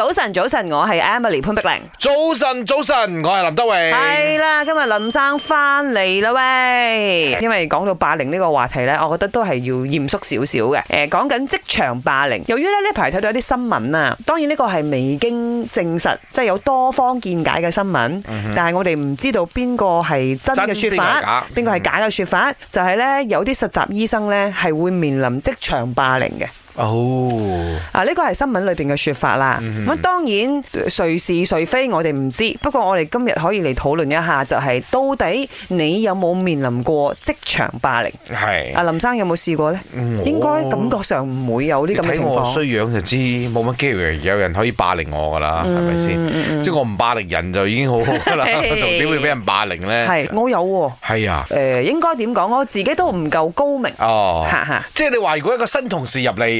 早晨，早晨，我係 Emily 潘碧玲。早晨，早晨，我係林德榮。係啦，今日林生翻嚟啦喂。因為講到霸凌呢個話題呢，我覺得都係要嚴肅少少嘅。誒，講緊職場霸凌，由於呢呢排睇到一啲新聞啊，當然呢個係未經證實，即係有多方見解嘅新聞，嗯、但係我哋唔知道邊個係真嘅說法，邊個係假嘅說法，嗯、就係呢：有啲實習醫生呢，係會面臨職場霸凌嘅。哦，嗱呢個係新聞裏邊嘅說法啦。咁當然誰是誰非我哋唔知，不過我哋今日可以嚟討論一下，就係到底你有冇面臨過職場霸凌？係，阿林生有冇試過呢？應該感覺上唔會有啲咁嘅情況。喺我衰樣就知，冇乜機會有人可以霸凌我噶啦，係咪先？Mm -hmm. 即係我唔霸凌人就已經好好噶啦，同點會俾人霸凌呢？係，我有喎。係啊，誒、啊，應該點講？我自己都唔夠高明哦，即係你話如果一個新同事入嚟。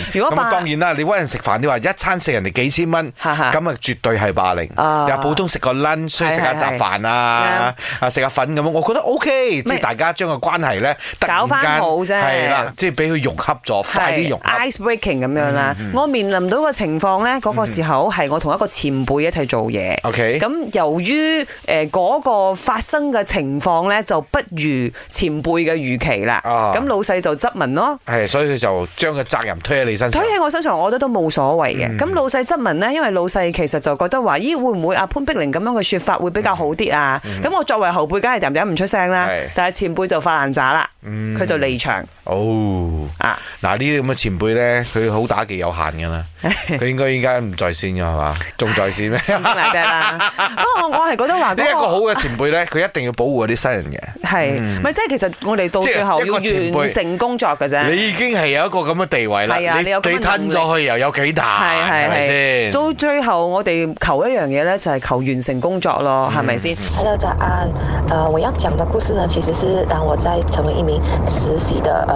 咁當然啦，你揾人食飯、， 啊、飯，你話一餐食人哋幾千蚊，咁啊絕對係霸凌。又普通食個 lunch，需要食下雜飯啊，啊食下粉咁我覺得 OK，即係大家將個關係咧，搞翻好啫。係啦，即係俾佢融合咗，快啲融洽。Ice breaking 咁樣啦、嗯，我面臨到嘅情況咧，嗰、嗰個時候係我同一個前輩一齊做嘢。OK，咁由於誒嗰個發生嘅情況咧，就不如前輩嘅預期啦。咁、啊、老細就質問咯，係，所以佢就將個責任推睇喺我身上，我覺得都冇所謂嘅。咁、mm -hmm. 老細質問咧，因為老細其實就覺得話，咦會唔會阿潘碧玲咁樣嘅説法會比較好啲啊？咁、mm -hmm. 我作為後輩，梗係揼唔出聲啦。Mm -hmm. 但係前輩就發爛渣啦，佢就離場。Mm -hmm. 哦、oh, 啊嗱，呢啲咁嘅前輩咧，佢好打擊有限嘅啦，佢應該應該唔在線嘅係嘛？仲 在線咩？不過 我我係覺得話，一個好嘅前輩咧，佢 一定要保護嗰啲新人嘅。係咪即係其實我哋到最後要完成工作嘅啫。你已經係有一個咁嘅地位啦、啊。你有你吞咗佢又有幾大？係係係。到、啊啊啊啊啊啊啊啊、最後我哋求一樣嘢咧，就係、是、求完成工作咯，係咪先係啦就 Hello 大家，呃、啊啊，我要講嘅故事呢，其實是當我在成為一名實習的。